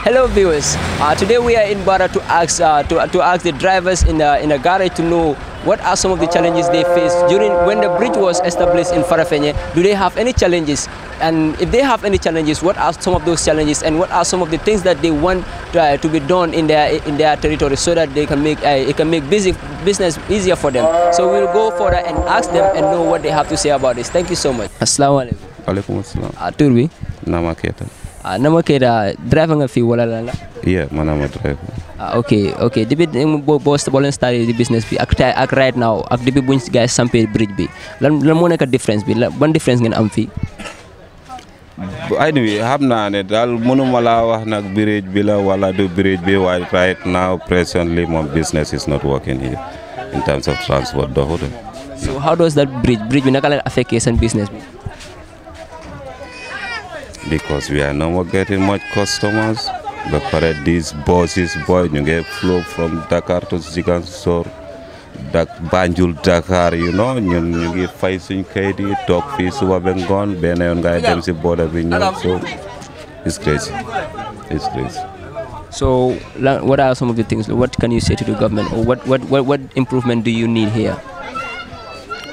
Hello viewers, uh, today we are in Bara to ask, uh, to, to ask the drivers in the, uh, in a garage to know what are some of the challenges they faced during when the bridge was established in Farafenye? Do they have any challenges? And if they have any challenges, what are some of those challenges? And what are some of the things that they want to, uh, to be done in their in their territory so that they can make uh, it can make busy, business easier for them? So we'll go further and ask them and know what they have to say about this. Thank you so much. Assalamu alaikum. Alaikum assalam. Aturbi. Uh, Namaketa. Keita. Uh, nama Keita, driver nga fi wala driver. Ah, ok ok depuis boo boo boo leen starté di business bi ak tey ak right now ak depuis buñ gars yi sampé bridge bi lan lan moo nekk différence bi lan ban différence ngeen am fii. anyway xam naa ne daal mënuma laa wax nag bridge bi la wala du bridge bi waaye right now presently my business is not working here in terms of transport doxut. so how does that bridge bridge bi naka la affecté seen business bi. because we are no more getting much customers ba pare these bosses, boy ñu ngi flow from Dakar to Ziguinchor dak Banjul Dakar you know ñun ñu ngi fay suñ kayit yi toog fii suba ba ngoon benn yoon ngay dem si border bi ñëw so it's crazy it's crazy So, what are some of the things? What can you say to the government, or what, what, what, what improvement do you need here?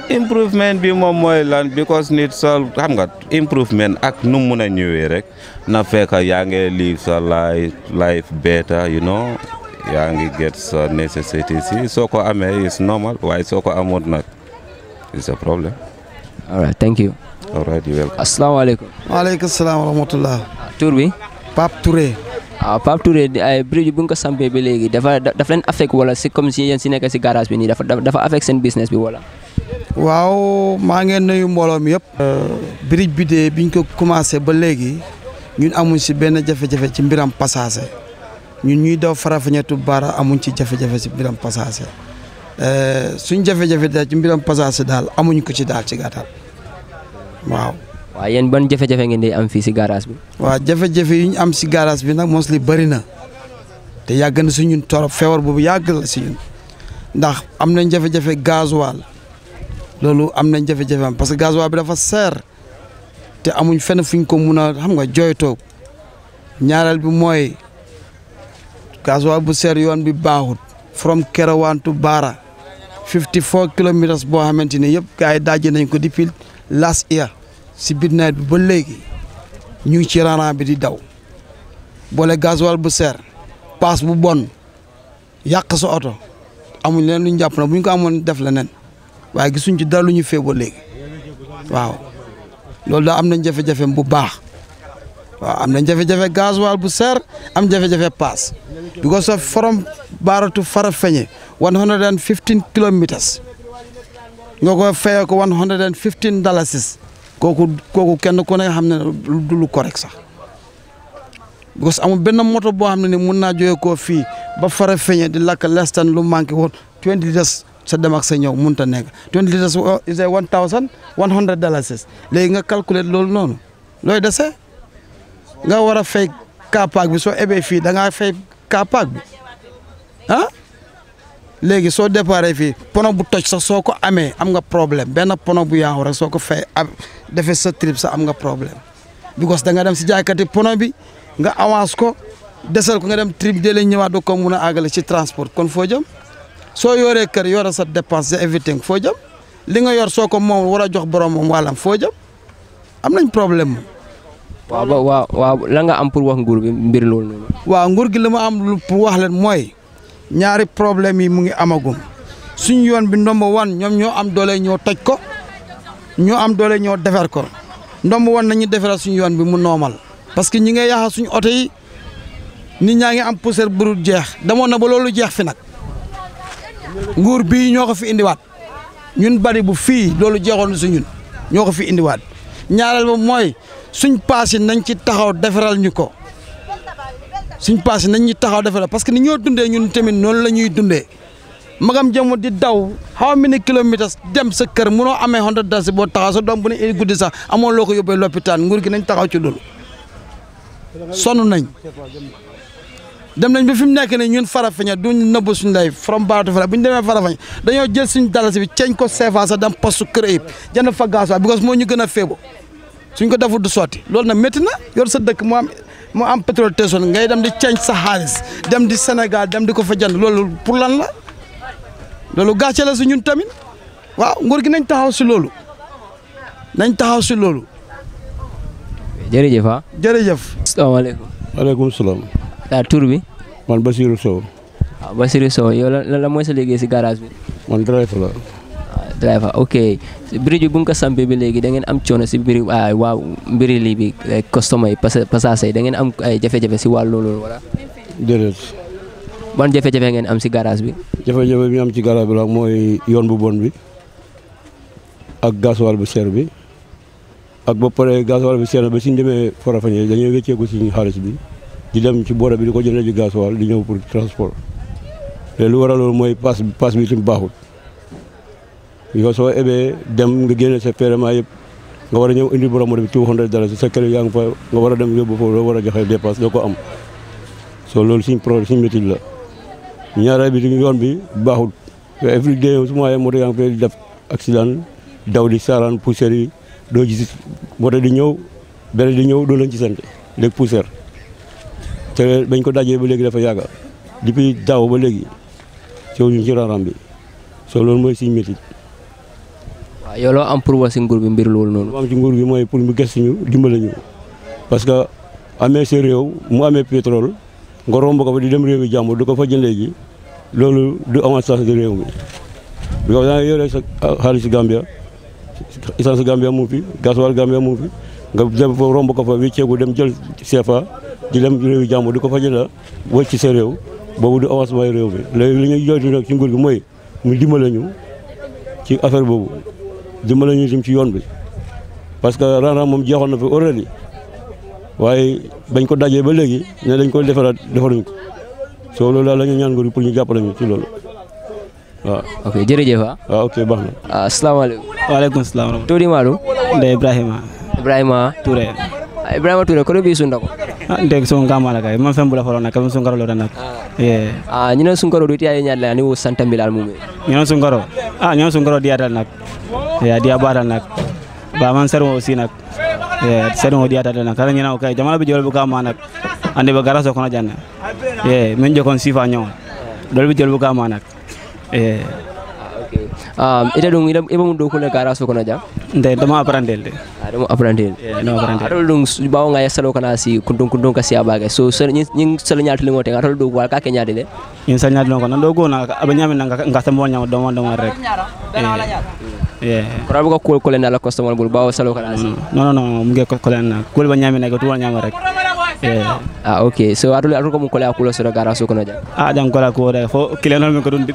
improvement bi moom mooy lan because nit sol xam nga improvement ak nu mun a ñëwee rek na fekk yaa ngi live sa life life better you know yaa ngi get sa nécessité si soo ko amee is normal waaye soo ko amoon nag is a problem. all right thank you. all right you ah, bi. Pape Touré. waaw ah, Pape Touré ay bridge bu nga ko sampee si comme si yéen nekk si garage bi nii dafa dafa affect seen business bi wala. waaw maa ngeen nuyu mbooloo mi yëpp. Euh, Brick bi de biñ ko commencé ba léegi ñun amuñ si benn jafe-jafe ci mbiram passage ñun ñuy daw Farafeññeetu Bara amuñ ci jafe-jafe si mbiram passage euh, suñ jafe-jafe daal ci mbiram passage daal amuñ ko ci daal ci gattal waaw. waaw yéen ban jafe-jafe ngeen di am fii si garage bi. waaw jafe yi ñu am si garage bi nag mos li bëri na te yàgg na si ñun torop feewar boobu yàgg la si ñun ndax am na jafe-jafe gasoil loolu am nañ jafe-jafe am parce que gasoil bi dafa seer te amuñ fenn fuñ ko mun a xam nga jooytoo ñaareel bi mooy gasoil bu seer yoon bi baaxut from Kerewan to Barra 54 kilomètres boo xamante ne yëpp gars yi nañ ko depuis last year si biir nawet bi ba léegi ñu ci rang bi di daw boole gasoil bu seer paas bu bon yàq sa oto amuñ leen luñ jàpp na buñ ko amoon def leneen waye gisun ci dara lu ñu feeboo léegi waaw loolu daal am nañ jafe-jafe bu baax waaw am nañ jafé gasoil bu ser am jafé jafé pass because of from baratu to Farafenni 115 kilometers ngoko ko ko 115 hundred and fifteen dalasis kooku kooku kenn ko ne nga du lu correct sax because amu benn moto bo xam ni mun naa jógee ba Farafenni di laka less than lu manqué won 20 sa dem ak sa ñëw mënut a nekk twenty litres is a wan thousand one hundred dollars léegi nga calculer loolu noonu looy dese nga war a fay kaapaak bi soo ebee fii da ngaa fay kaapaak bi ah léegi soo déparé fii pono bu toj sa soo ko amee am nga problème benn pono bu yaaw rek soo ko fay am defee sa trip sa am nga problème because da nga dem si jaaykati pono bi nga avance ko desal ko nga dem trip dee la ñëwaat doo ko mun a àggale ci transport kon foo jëm So yoré kër yoré sa dépenses everything fo jëm li nga yor soko mom wara jox a mom walam fo jëm am nañ problème wa waaw wa waaw la nga am pour wax nguur bi mbir lool non wa nguur gi lama am pour wax len moy ñaari problème yi mu ngi amagum suñ yoon bi ndomba wan ñom ñoo am doole ñoo tej ko ñoo am doole ñoo défer ko ndomba wan nañu défer suñ yoon bi mu normal parce que ñi nga yàq suñ auto yi nit ñaa am pousser bu jeex demoon na ba lolu jeex fi nak nguur bi ñoko fi indi wat ñun bari bu fi lolu jeexoon su ñun ñoko fi fi wat ñaaral ba moy suñ passé nañ ci taxaw defaral ñuko suñ passé nañ ñi taxaw defaral parce que ni ñoo dundé ñun tamit non lañuy dundé magam jamu di daw how many kilometers dem sa kër mëno amé hundred dalasi bo taxaw sa dom bu ne guddi sax amoon loko yobé l'hôpital nguur gi nañ taxaw ci loolu sonu nañ dem nañ ba fi mu nekk ne ñun Farafeña duñ nëbb suñ lay from baatu fara bu ñu demee Farafeñ dañoo jël suñu dalasi bi ceeñ ko CFA sax dem poste créé jënd fa gaz waaye because moo ñu gën a féebu suñ ko deful du sotti loolu nag métti na yor sa dëkk mu am mu am pétrole teesoon ngay dem di ceeñ sa xaalis dem di Sénégal dem di ko fa jënd loolu pour lan la loolu gàcce la si ñun tamit waaw nguur gi nañ taxaw si loolu nañ taxaw si loolu. jërëjëf ah. jërëjëf. asalaamaaleykum. waaleykum salaam. waaw ah, tour bi. man basiru so ah, basiru so yo la la moy sa si garage bi. man driver la. Ah, driver ok bridge bu nga ko sambe bi léegi da ngeen am coono ci mbiri wa mbiri li bi customer yi da ngeen am ay jafe-jafe si walu lolu wala. déedéet. man jafe-jafe ngeen am si garage bi. jafe-jafe bi am ci garage bi la moy yoon bu bon bi ak gasoil bu cher bi ak ba pare gasoil bu cher bi suñ demee Farafenni dañuy ko suñu bi di dem ci boora bi diko jëlé ci ji gasoil di ñëw pour transport té lu waral lool moy pass pass bi itam baaxul yo so ébé dem nga gënal sa paiement yépp nga wara ñëw indi borom bi 200 dollars sa kër yaang fa nga wara dem yobbu fo lo wara joxé dépasse doko am so lool suñu pro suñu métit la ñaara bi di yoon bi baaxul every day suma ay moto yaang ngi fay def accident daw di saran pousser yi do gis moto di ñëw beneen di ñëw do lañ ci sante lek pousser te bañ ko dajee ba léegi dafa yàgg depuis daaw ba léegi coow ñu ci raram bi so loolu mooy suñu métit waaw yow loo am pour wax si nguur bi mbir loolu noonu am ci nguur bi mooy pour mu gëstu ñu dimbale ñu parce que amee sa réew mu amee pétrole nga romb ko di dem réew yi jàmm du ko fa jëndee ji loolu du avantage de réew mi because da nga yore sa xaalis Gambia essence Gambia mu ngi fi gasoil Gambia mu fi nga dem fa romb ko fa wécceeku dem jël CFA di dem réewu jàmbur du ko fa jëla ci sa réew boobu du avancement réew mi léegi li ñuy jooytu nag ci nguur gi mooy mu dimbale ñu ci affaire boobu dimbale ñu itam ci yoon bi parce que ren moom jeexoon na fi already waaye bañ ko dajee ba léegi ne lañ ko defaraat defaruñ ko soo loolu daal la ñuy ñaan nguur gi pour ñu jàppale ñu ci loolu waaw. ok jërëjëf ah. waaw ah, ok baax na. Ah, asalaamaaleykum. waaleykum salaam. tuuti Madou. Ndeye Ibrahima. ibrahima touré ah, ibrahima touré kono bi sundako ah, ndeg sun kamala kay man fem bula falona kay sun karo lo nak ye ah ñina sun karo duti ay ñalla ni wo santa milal mumé ñina sun karo ah ñina sun karo diatal nak ya dia badal nak ba man sero aussi nak ye sero diatal nak kala ñina kay jamala bi jol bu kama nak ande ba garaso kono janna ye men jokon sifa ñoo dol bi jol bu kama nak ye এটা ah, ida এটা এবং ডুকুলে গারা so kono jam nde dama aprandel de dama aprandel no aprandel ada dong bawo nga selo kana si kundung kundung kasi abaga so nying sel nyaati lingo te atol do wal ka ke de nyin sel nyaati lingo do go na abanya menang na nga sa mo nyaama rek yeah kora bu ko kol kolen ala customer bul bawo salo kana si hmm. no no no mu ge kolen na kol ba nyame na ga tuwa rek Yeah. Ah, okay. So, adul adul ko mo kola kulo so gara so kono jam. Ah, jam kola ko de fo kilenol mi ko dun dit.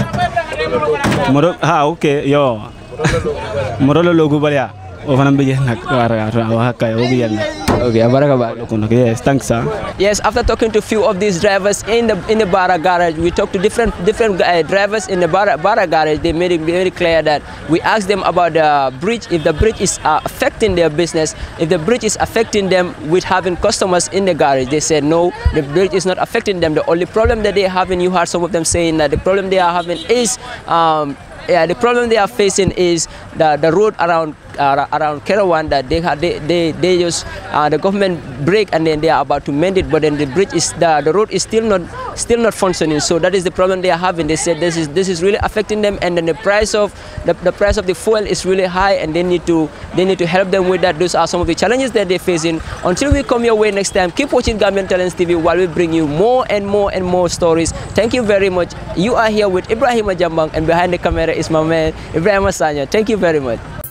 moɗo ha ok yo moɗo lo logu balya o fanan ɓe ƴes nak waragato o hakka o ɓe ƴel nak Yes, thanks, sir. Yes, after talking to a few of these drivers in the in the Bara garage, we talked to different different uh, drivers in the Bara Bara garage. They made it very clear that we asked them about the bridge, if the bridge is uh, affecting their business, if the bridge is affecting them with having customers in the garage. They said no, the bridge is not affecting them. The only problem that they have, and you heard some of them saying that the problem they are having is. Um, yeah, the problem they are facing is the, the road around uh, around Kerawan that they had they they, they just uh, the government break and then they are about to mend it, but then the bridge is the the road is still not still not functioning. So that is the problem they are having. They said this is this is really affecting them, and then the price of the, the price of the fuel is really high, and they need to they need to help them with that. Those are some of the challenges that they're facing. Until we come your way next time, keep watching Gambian Talents TV while we bring you more and more and more stories. Thank you very much. You are here with Ibrahim Ajambang, and behind the camera is my man Ibrahim Asanya. Thank you very much.